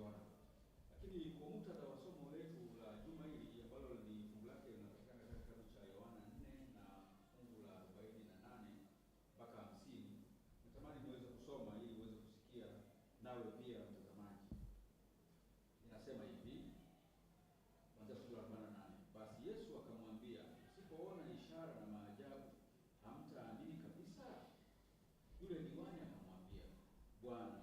tumeviona, lakini kwa muktadha wa somo letu la juma hili ambalo ni fungu lake linapatikana katika kitabu cha Yohana 4 na fungu la 48 mpaka 50, natamani niweze kusoma ili uweze kusikia nawe pia mtazamaji. Inasema hivi kuanzia fungu la 48: basi Yesu akamwambia, msipoona ishara na maajabu hamtaamini kabisa. Yule diwani akamwambia, Bwana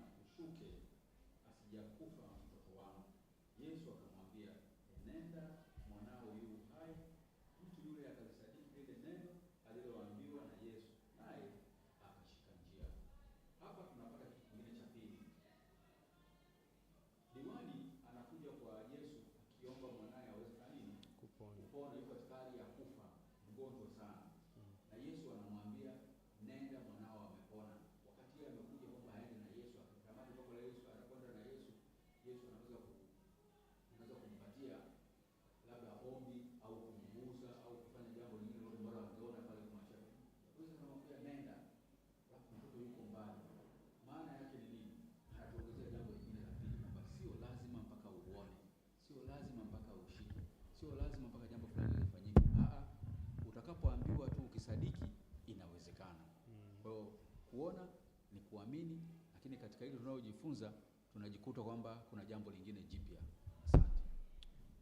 Kwa hiyo kuona ni kuamini, lakini katika hili tunalojifunza tunajikuta kwamba kuna jambo lingine jipya.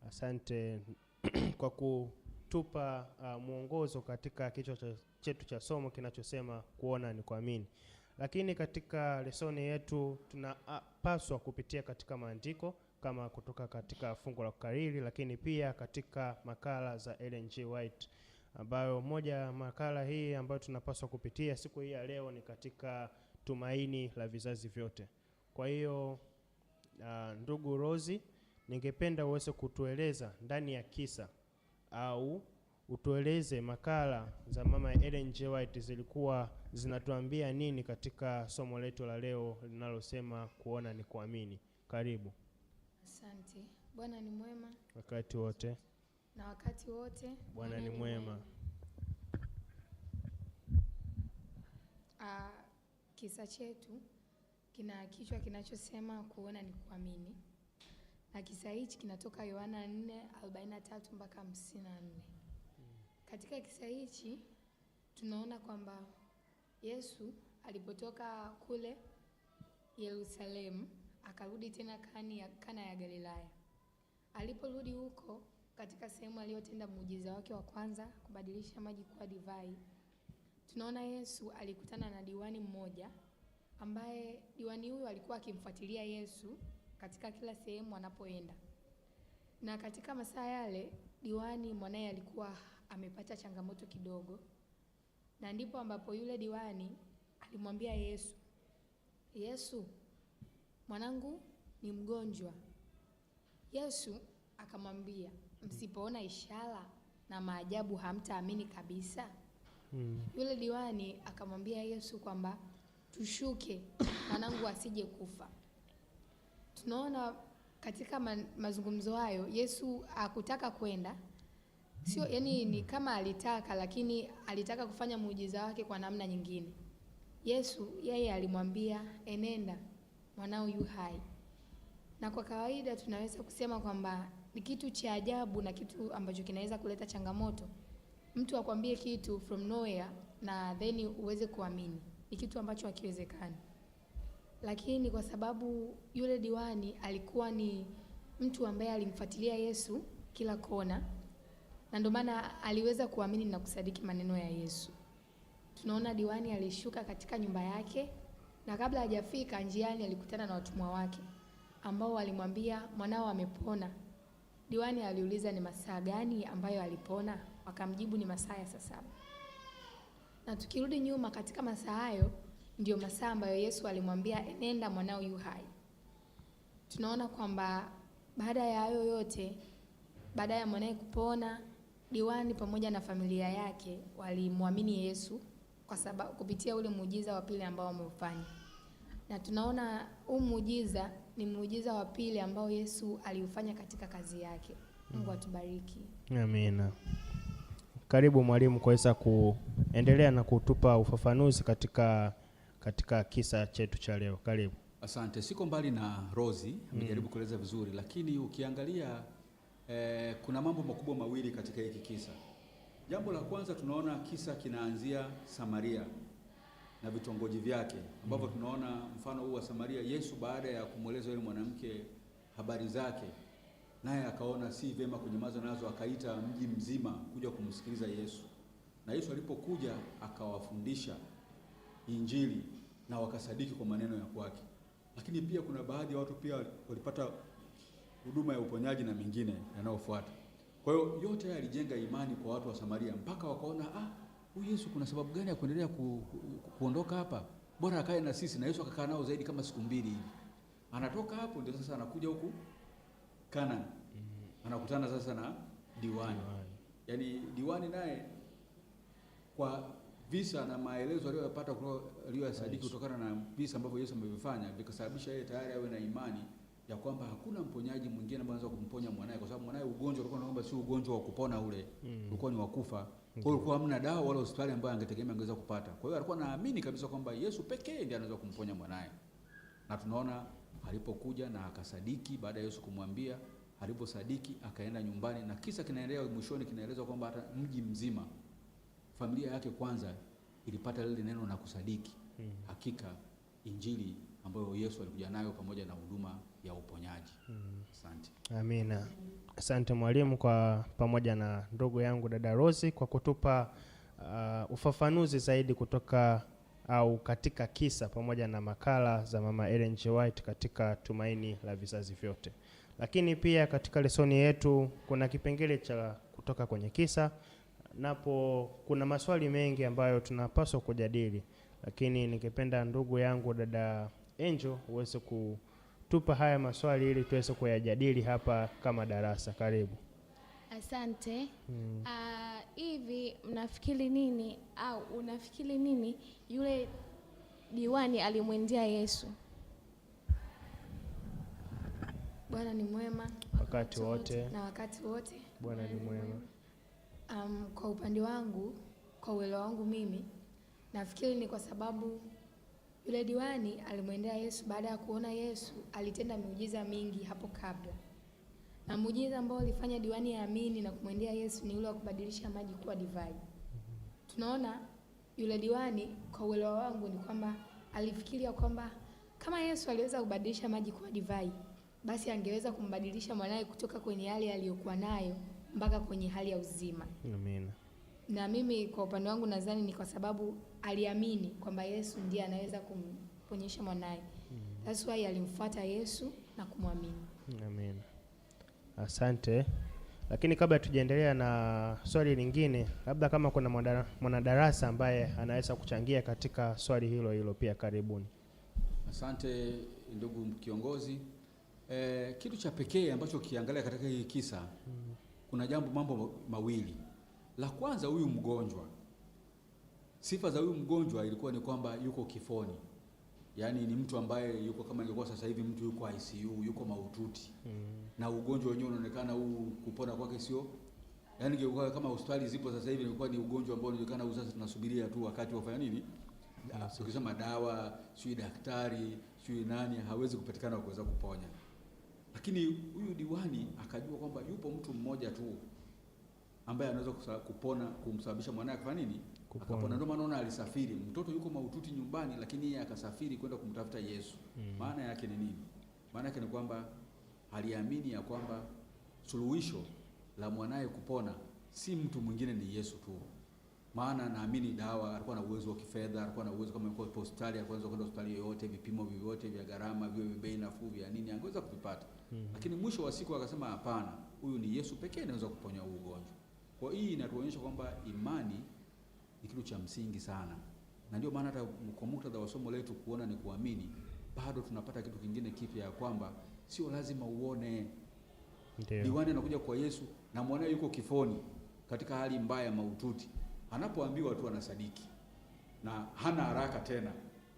Asante, asante kwa kutupa uh, mwongozo katika kichwa chetu cha somo kinachosema kuona ni kuamini. Lakini katika lesoni yetu tunapaswa kupitia katika maandiko kama kutoka katika fungu la kukariri, lakini pia katika makala za Ellen G. White ambayo moja ya makala hii ambayo tunapaswa kupitia siku hii ya leo ni katika tumaini la vizazi vyote. Kwa hiyo uh, ndugu Rozi, ningependa uweze kutueleza ndani ya kisa au utueleze makala za mama Ellen G. White zilikuwa zinatuambia nini katika somo letu la leo linalosema kuona ni kuamini. Karibu. Asante. Bwana ni mwema wakati wote na wakati wote Bwana ni mwema. Ah, kisa chetu kina kichwa kinachosema kuona ni kuamini, na kisa hichi kinatoka Yohana 4:43 mpaka 54. Katika kisa hichi tunaona kwamba Yesu alipotoka kule Yerusalemu akarudi tena Kana ya Galilaya. Aliporudi huko katika sehemu aliyotenda muujiza wake wa kwanza kubadilisha maji kuwa divai, tunaona Yesu alikutana na diwani mmoja ambaye diwani huyo alikuwa akimfuatilia Yesu katika kila sehemu anapoenda, na katika masaa yale diwani mwanaye alikuwa amepata changamoto kidogo, na ndipo ambapo yule diwani alimwambia Yesu, Yesu, mwanangu ni mgonjwa. Yesu akamwambia msipoona ishara na maajabu hamtaamini kabisa. Hmm. Yule diwani akamwambia Yesu kwamba tushuke, mwanangu asije kufa. Tunaona katika ma mazungumzo hayo Yesu hakutaka kwenda, sio yani, ni kama alitaka, lakini alitaka kufanya muujiza wake kwa namna nyingine. Yesu yeye alimwambia enenda, mwanao yu hai, na kwa kawaida tunaweza kusema kwamba ni kitu cha ajabu na kitu ambacho kinaweza kuleta changamoto. Mtu akwambie kitu from nowhere na then uweze kuamini, ni kitu ambacho hakiwezekani. Lakini kwa sababu yule diwani alikuwa ni mtu ambaye alimfuatilia Yesu kila kona, na ndio maana aliweza kuamini na kusadiki maneno ya Yesu. Tunaona diwani alishuka katika nyumba yake, na kabla hajafika njiani alikutana na watumwa wake ambao walimwambia mwanao amepona. Diwani aliuliza ni masaa gani ambayo alipona, wakamjibu ni masaa ya saa saba. Na tukirudi nyuma katika masaa hayo ndio masaa ambayo Yesu alimwambia enenda, mwanao yu hai. Tunaona kwamba baada ya hayo yote, baada ya mwanaye kupona, diwani pamoja na familia yake walimwamini Yesu kwa sababu kupitia ule muujiza wa pili ambao wameufanya, na tunaona huu muujiza ni muujiza wa pili ambao Yesu aliufanya katika kazi yake. Mungu atubariki. Amina. Karibu mwalimu kuweza kuendelea na kutupa ufafanuzi katika, katika kisa chetu cha leo. Karibu. Asante, siko mbali na Rozi amejaribu mm. kueleza vizuri, lakini ukiangalia eh, kuna mambo makubwa mawili katika hiki kisa. Jambo la kwanza tunaona kisa kinaanzia Samaria na vitongoji vyake ambapo mm. tunaona mfano huu wa Samaria. Yesu baada ya kumweleza yule mwanamke habari zake, naye akaona si vyema kunyamaza nazo, akaita mji mzima kuja kumsikiliza Yesu, na Yesu alipokuja akawafundisha Injili na wakasadiki kwa maneno ya kwake. Lakini pia kuna baadhi ya watu pia walipata huduma ya uponyaji na mengine yanayofuata. Kwa hiyo yote yalijenga imani kwa watu wa Samaria mpaka wakaona ah huyu oh, Yesu kuna sababu gani ya kuendelea ku, ku, kuondoka hapa? Bora akae na sisi. Na Yesu akakaa nao zaidi kama siku mbili hivi. Anatoka hapo ndio sasa anakuja huku Kana, mm. anakutana sasa na diwani, yaani diwani naye kwa visa na maelezo aliyoyapata aliyoyasadiki kutokana na visa ambavyo Yesu amevifanya vikasababisha yeye tayari awe na imani ya kwamba hakuna mponyaji mwingine ambaye anaweza kumponya mwanae, kwa sababu mwanae ugonjwa ulikuwa naomba si ugonjwa wa kupona ule mm. ulikuwa ni wa kufa. Kwa hiyo kwa hamna dawa wala hospitali ambayo angetegemea angeweza kupata. Kwa hiyo alikuwa naamini kabisa kwamba Yesu pekee ndiye anaweza kumponya mwanae, na tunaona alipokuja na akasadiki baada ya Yesu kumwambia, aliposadiki akaenda nyumbani, na kisa kinaendelea mwishoni, kinaelezwa kwamba hata mji mzima, familia yake kwanza ilipata lile neno na kusadiki, mm. hakika injili ambayo Yesu alikuja nayo pamoja na huduma ya uponyaji. Mm-hmm. Asante. Amina. Asante mwalimu kwa pamoja na ndugu yangu dada Rose kwa kutupa uh, ufafanuzi zaidi kutoka au katika kisa pamoja na makala za mama Ellen G. White katika Tumaini la Vizazi Vyote. Lakini pia katika lesoni yetu kuna kipengele cha kutoka kwenye kisa, napo kuna maswali mengi ambayo tunapaswa kujadili, lakini ningependa ndugu yangu dada Angel uweze kutupa haya maswali ili tuweze kuyajadili hapa kama darasa. Karibu. Asante. Hmm. Uh, hivi mnafikiri nini au unafikiri nini yule diwani alimwendea Yesu? Bwana ni mwema wakati wote na wakati wote. Bwana ni mwema. Um, kwa upande wangu, kwa uelewa wangu mimi nafikiri ni kwa sababu yule diwani alimwendea Yesu baada ya kuona Yesu alitenda miujiza mingi hapo kabla, na muujiza ambao alifanya diwani aamini na kumwendea Yesu ni ule wa kubadilisha maji kuwa divai. Tunaona yule diwani, kwa uelewa wangu, ni kwamba alifikiria kwamba kama Yesu aliweza kubadilisha maji kuwa divai, basi angeweza kumbadilisha mwanaye kutoka kwenye hali aliyokuwa nayo mpaka kwenye hali ya uzima. Amina na mimi kwa upande wangu nadhani ni kwa sababu aliamini kwamba Yesu ndiye anaweza kumponyesha mwanaye. Mm. That's why alimfuata Yesu na kumwamini. Amen. Asante. Lakini kabla tujaendelea na swali lingine, labda kama kuna mwanadarasa ambaye anaweza kuchangia katika swali hilo hilo pia, karibuni. Asante ndugu kiongozi. Eh, kitu cha pekee ambacho ukiangalia katika hii kisa mm. kuna jambo mambo mawili la kwanza, huyu mgonjwa, sifa za huyu mgonjwa ilikuwa ni kwamba yuko kifoni, yaani ni mtu ambaye yuko kama ilikuwa sasa hivi mtu yuko ICU, yuko mahututi mm. na ugonjwa wenyewe unaonekana huu kupona kwake sio yaani ingekuwa kama hospitali zipo sasa hivi, ilikuwa ni ugonjwa ambao unaonekana huu sasa tunasubiria tu wakati wa kufanya nini, mm. ah, ukisema dawa sijui daktari sijui nani, hawezi kupatikana kuweza kuponya. Lakini huyu diwani akajua kwamba yupo mtu mmoja tu ambaye anaweza kupona kumsababisha mwanae akafanya nini akapona. Ndio maana unaona alisafiri, mtoto yuko mahututi nyumbani, lakini yeye akasafiri kwenda kumtafuta Yesu. mm. maana yake ni nini? Maana yake ni kwamba aliamini ya kwamba suluhisho la mwanaye kupona si mtu mwingine, ni Yesu tu. Maana naamini dawa, alikuwa na uwezo wa kifedha, alikuwa na uwezo kama yuko hospitali, alikuwa anaweza kwenda hospitali yoyote, vipimo vyote vya gharama, vyo vya bei nafuu, vya nini, angeweza kuvipata. mm Lakini mwisho wa siku akasema hapana, huyu ni Yesu pekee anaweza kuponya huu ugonjwa. Kwa hii inatuonyesha kwamba imani ni kitu cha msingi sana, na ndio maana hata kwa muktadha wa somo letu kuona ni kuamini, bado tunapata kitu kingine kipya ya kwamba sio lazima uone. Diwani anakuja kwa Yesu na mwanae yuko kifoni katika hali mbaya maututi, anapoambiwa tu anasadiki na hana haraka tena.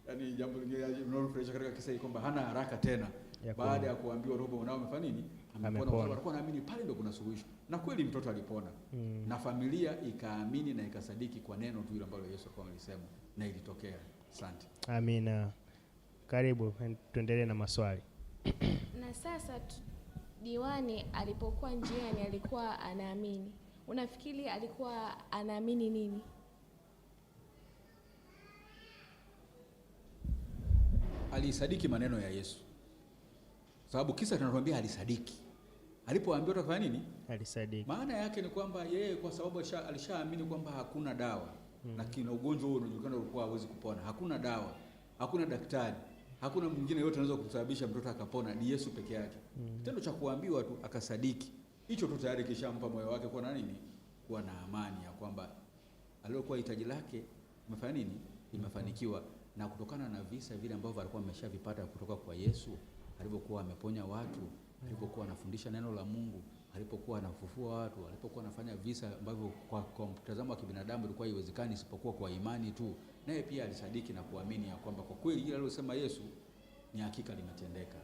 Yaani jambo linalofurahisha katika kisa hii kwamba hana haraka tena, baada ya kuambiwa roho unao amefanya nini, amepona. Walikuwa wanaamini pale ndio kuna suluhisho na kweli mtoto alipona mm. na familia ikaamini na ikasadiki kwa neno tu hilo ambalo Yesu alikuwa alisema na ilitokea. Asante. Amina. Karibu tuendelee na maswali. Na sasa diwani alipokuwa njiani alikuwa anaamini, unafikiri alikuwa anaamini nini? Alisadiki maneno ya Yesu, sababu kisa tunatuambia alisadiki alipoambiwa atafanya nini alisadiki. Maana yake ni kwamba yeye kwa sababu alishaamini kwamba hakuna dawa mm. na kina ugonjwa huo unajulikana ulikuwa hawezi kupona, hakuna dawa, hakuna daktari, hakuna mwingine yote anaweza kumsababisha mtoto akapona, ni Yesu peke yake mm. tendo cha kuambiwa tu akasadiki, hicho tu tayari kishampa moyo wake kuwa na nini, kuwa na amani ya kwamba aliyokuwa hitaji lake imefanya nini, imefanikiwa mm -hmm. na kutokana na visa vile ambavyo alikuwa ameshavipata kutoka kwa Yesu alivyokuwa ameponya watu alipokuwa anafundisha neno la Mungu, alipokuwa anafufua watu, alipokuwa anafanya visa ambavyo kwa, kwa mtazamo wa kibinadamu ilikuwa haiwezekani isipokuwa kwa imani tu, naye pia alisadiki na kuamini ya kwamba kwa kweli ile alilosema Yesu ni hakika limetendeka.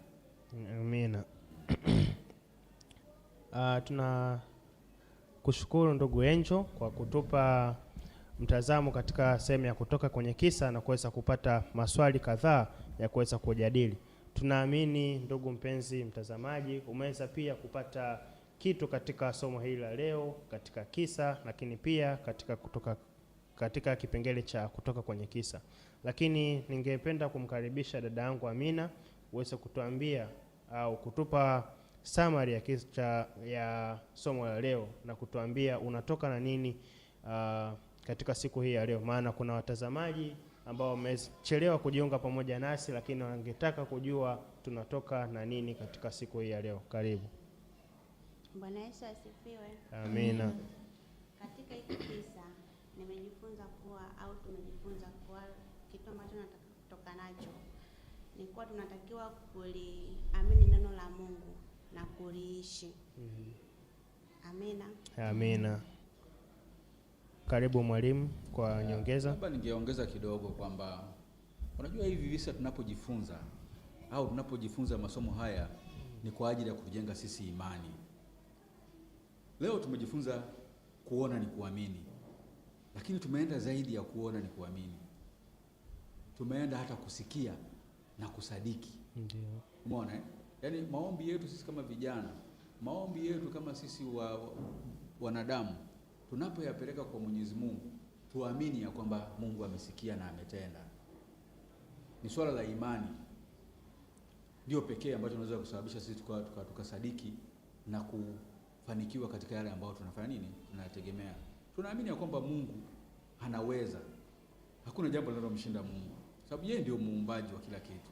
Amina. Uh, tuna kushukuru ndugu Enjo kwa kutupa mtazamo katika sehemu ya kutoka kwenye kisa na kuweza kupata maswali kadhaa ya kuweza kujadili. Tunaamini ndugu mpenzi mtazamaji, umeweza pia kupata kitu katika somo hili la leo katika kisa, lakini pia katika kutoka katika kipengele cha kutoka kwenye kisa, lakini ningependa kumkaribisha dada yangu Amina uweze kutuambia au kutupa summary ya kisa ya somo la leo na kutuambia unatoka na nini uh, katika siku hii ya leo, maana kuna watazamaji ambao wamechelewa kujiunga pamoja nasi, lakini wangetaka kujua tunatoka na nini katika siku hii ya leo. Karibu. Bwana Yesu asifiwe. Amina. Katika hiki kisa nimejifunza kuwa au tumejifunza kuwa kitu ambacho nataka kutoka nacho ni kuwa tunatakiwa kuliamini neno la Mungu na kuliishi. mm -hmm. Amina. Amina. Karibu mwalimu kwa eh, nyongeza. Labda ningeongeza kidogo kwamba unajua hivi visa tunapojifunza au tunapojifunza masomo haya ni kwa ajili ya kujenga sisi imani. Leo tumejifunza kuona ni kuamini, lakini tumeenda zaidi ya kuona ni kuamini, tumeenda hata kusikia na kusadiki. Ndio umeona, eh? yaani maombi yetu sisi kama vijana, maombi yetu kama sisi wa, wa, wanadamu tunapoyapeleka kwa Mwenyezi Mungu tuamini ya kwamba Mungu amesikia na ametenda. Ni swala la imani ndio pekee ambacho tunaweza kusababisha sisi tukasadiki tuka, tuka na kufanikiwa katika yale ambayo tunafanya nini, tunayategemea. Tunaamini ya kwamba Mungu anaweza, hakuna jambo linalomshinda Mungu, sababu yeye ndio muumbaji wa kila kitu.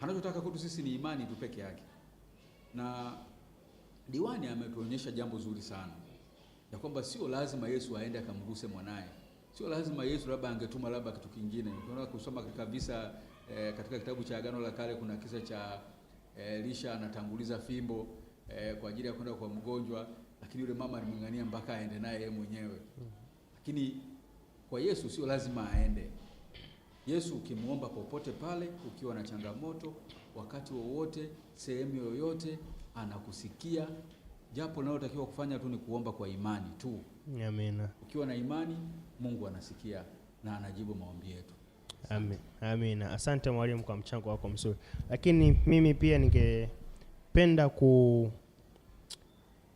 Anachotaka kwetu sisi ni imani tu peke yake, na diwani ametuonyesha jambo zuri sana ya kwamba sio lazima Yesu aende akamguse mwanaye, sio lazima Yesu, labda angetuma labda kitu kingine. Tunaona kusoma katika visa eh, katika kitabu cha Agano la Kale kuna kisa cha eh, Elisha anatanguliza fimbo e, kwa ajili ya kwenda kwa mgonjwa, lakini yule mama alimng'ang'ania mpaka aende naye yeye mwenyewe. Lakini kwa Yesu sio lazima aende. Yesu ukimwomba popote pale, ukiwa na changamoto, wakati wowote, sehemu yoyote, anakusikia. Japo linalotakiwa kufanya tu ni kuomba kwa imani tu. Amina. Ukiwa na imani Mungu anasikia na anajibu maombi yetu. Amina. Asante mwalimu kwa mchango wako mzuri, lakini mimi pia ningependa ku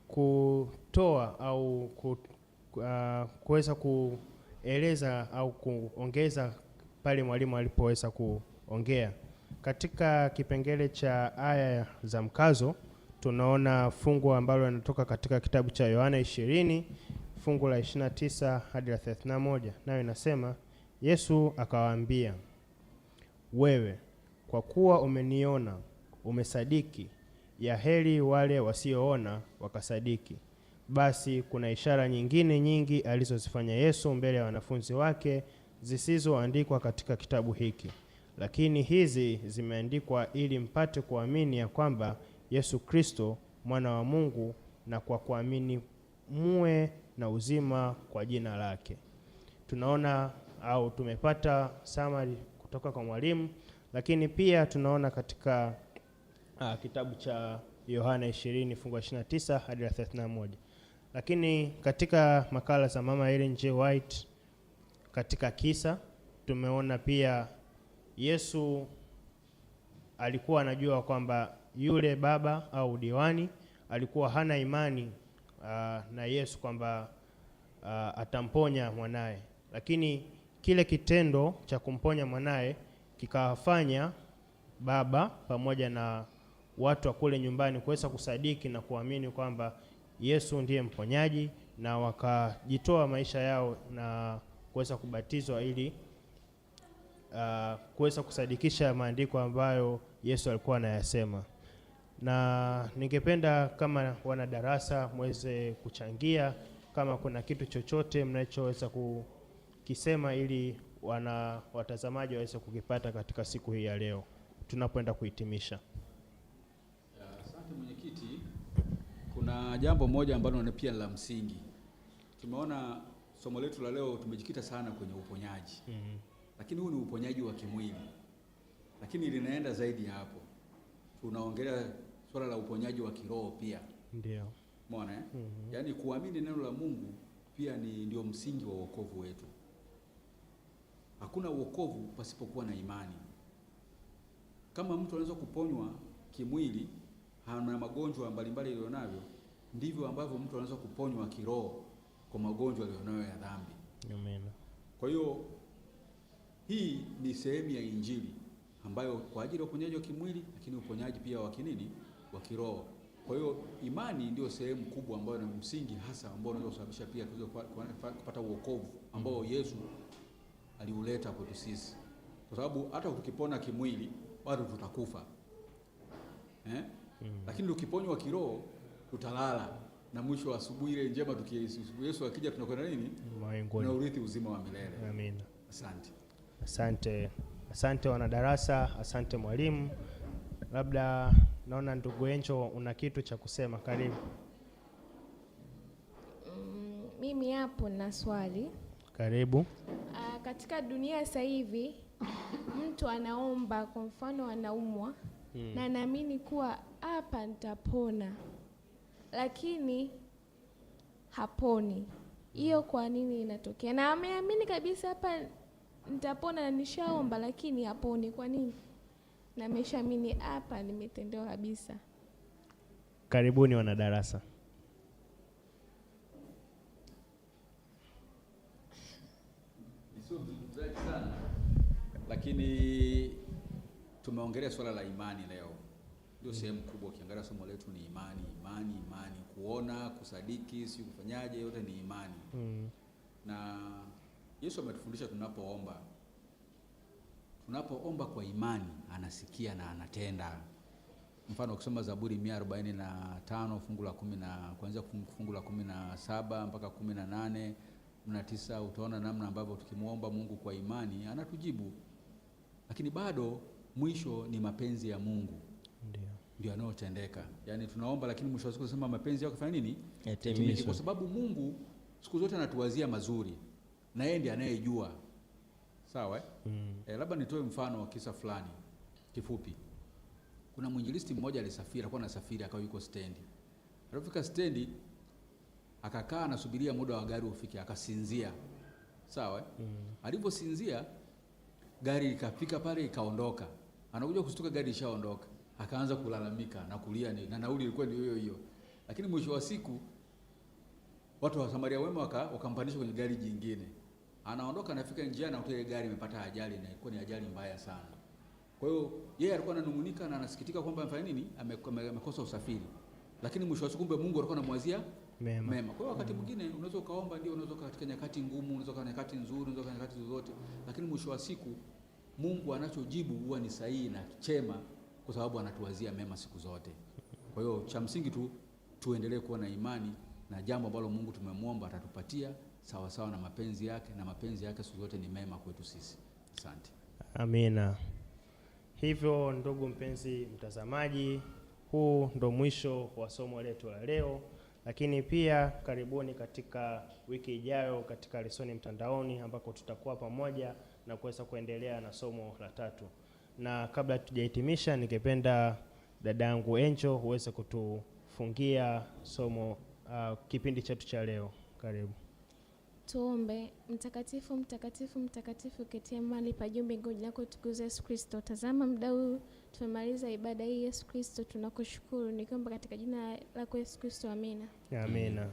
kutoa au ku, uh, kuweza kueleza au kuongeza pale mwalimu alipoweza kuongea katika kipengele cha aya za mkazo tunaona fungu ambalo linatoka katika kitabu cha Yohana 20 fungu la 29 hadi la 31, nayo inasema Yesu akawaambia, wewe kwa kuwa umeniona umesadiki. heri wale wasioona wakasadiki. Basi kuna ishara nyingine nyingi alizozifanya Yesu mbele ya wanafunzi wake zisizoandikwa katika kitabu hiki, lakini hizi zimeandikwa ili mpate kuamini ya kwamba Yesu Kristo mwana wa Mungu, na kwa kuamini muwe na uzima kwa jina lake. Tunaona au tumepata summary kutoka kwa mwalimu, lakini pia tunaona katika uh, kitabu cha Yohana 20 fungu 29 hadi 31. Lakini katika makala za Mama Ellen G. White katika kisa tumeona pia Yesu alikuwa anajua kwamba yule baba au diwani alikuwa hana imani uh, na Yesu kwamba uh, atamponya mwanaye, lakini kile kitendo cha kumponya mwanaye kikawafanya baba pamoja na watu wa kule nyumbani kuweza kusadiki na kuamini kwamba Yesu ndiye mponyaji, na wakajitoa maisha yao na kuweza kubatizwa ili uh, kuweza kusadikisha maandiko ambayo Yesu alikuwa anayasema na ningependa kama wanadarasa mweze kuchangia kama kuna kitu chochote mnachoweza kukisema ili wana watazamaji waweze kukipata katika siku hii ya leo tunapoenda kuhitimisha. Asante mwenyekiti. Kuna jambo moja ambalo pia la msingi, tumeona somo letu la leo tumejikita sana kwenye uponyaji mm -hmm. Lakini huu ni uponyaji wa kimwili, lakini linaenda zaidi ya hapo, tunaongelea swala la uponyaji wa kiroho pia ndio umeona eh? mm -hmm. Yaani kuamini neno la Mungu pia ni ndio msingi wa wokovu wetu. Hakuna wokovu pasipokuwa na imani. Kama mtu anaweza kuponywa kimwili, hana magonjwa mbalimbali aliyonavyo, ndivyo ambavyo mtu anaweza kuponywa kiroho kwa magonjwa aliyonayo ya dhambi. Amen. Kwa hiyo hii ni sehemu ya Injili ambayo kwa ajili ya uponyaji wa kimwili, lakini uponyaji pia wa kinini wa kiroho. Kwa hiyo imani ndio sehemu kubwa ambayo ni msingi hasa ambao unaweza kusababisha pia tuweze kupata uokovu ambao mm. Yesu aliuleta kwetu sisi, kwa sababu hata ukipona kimwili bado tutakufa eh? Mm. Lakini tukiponywa kiroho tutalala na mwisho wa asubuhi ile njema, Yesu akija tunakwenda nini? Na urithi uzima wa milele. Amen. Asante, asante, asante wanadarasa, asante mwalimu, labda Naona ndugu Encho una kitu cha kusema, karibu. Mm, mimi hapo na swali. Karibu. Aa, ah, katika dunia sasa hivi mtu anaomba, kwa mfano anaumwa hmm, na anaamini kuwa hapa nitapona, lakini haponi. Hiyo hmm. kwa nini inatokea? Na ameamini kabisa hapa nitapona na nishaomba, lakini haponi. Kwa nini? na mini hapa nimetendewa kabisa. Karibuni wanadarasa. Lakini tumeongelea swala la imani leo, ndio sehemu kubwa. Ukiangalia somo letu ni imani, imani, imani, kuona, kusadiki, si kufanyaje, yote ni imani mm. na Yesu ametufundisha tunapoomba unapoomba kwa imani anasikia na anatenda. Mfano, ukisoma Zaburi 145 fungu la 10 na kuanzia fungu la kumi na saba mpaka kumi na nane na tisa utaona namna ambavyo tukimwomba Mungu kwa imani anatujibu, lakini bado mwisho ni mapenzi ya Mungu ndio ndio yanayotendeka. Yani tunaomba lakini mwisho wa siku tunasema mapenzi yako fanya nini kwa sababu Mungu siku zote anatuwazia mazuri na yeye ndiye anayejua sawa eh? Mm. Eh, labda nitoe mfano wa kisa fulani kifupi. Kuna mwinjilisti mmoja alisafiri, alikuwa anasafiri akawa yuko stendi. Alipofika stendi akakaa anasubiria muda wa gari ufike, akasinzia. Sawa eh? Mm. Aliposinzia gari ikafika pale ikaondoka. Anakuja kushtuka gari ishaondoka. Akaanza kulalamika na kulia ni na nauli ilikuwa ni hiyo hiyo. Lakini mwisho wa siku watu wa Samaria wema wakampanisha waka kwenye gari jingine anaondoka, anafika njia na ile gari imepata ajali na ilikuwa ni ajali mbaya sana. Kwa hiyo yeye alikuwa ananungunika na anasikitika kwamba amefanya nini, amekosa usafiri, lakini mwisho wa siku kumbe Mungu alikuwa anamwazia mema, mema. Kwa hiyo wakati mm. mwingine mm, unaweza ukaomba, ndio unaweza katika nyakati ngumu, unaweza katika nyakati nzuri, unaweza katika nyakati zozote, lakini mwisho wa siku Mungu anachojibu huwa ni sahihi na chema, kwa sababu anatuwazia mema siku zote. Kwa hiyo cha msingi tu tuendelee kuwa na imani na jambo ambalo Mungu tumemwomba atatupatia sawasawa na mapenzi yake, na mapenzi yake siku zote ni mema kwetu sisi. Asante, amina. Hivyo ndugu mpenzi mtazamaji, huu ndo mwisho wa somo letu la leo, lakini pia karibuni katika wiki ijayo katika lesoni mtandaoni, ambako tutakuwa pamoja na kuweza kuendelea na somo la tatu. Na kabla tujahitimisha, ningependa dada yangu Enjo huweze kutufungia somo uh, kipindi chetu cha leo. Karibu. Tuombe. Mtakatifu, mtakatifu, mtakatifu, uketie mali pa juu mbinguni, yako lako Yesu Kristo. Tazama muda huu tumemaliza ibada hii, Yesu Kristo, tunakushukuru nikiomba katika jina lako Yesu Kristo, amina, amina.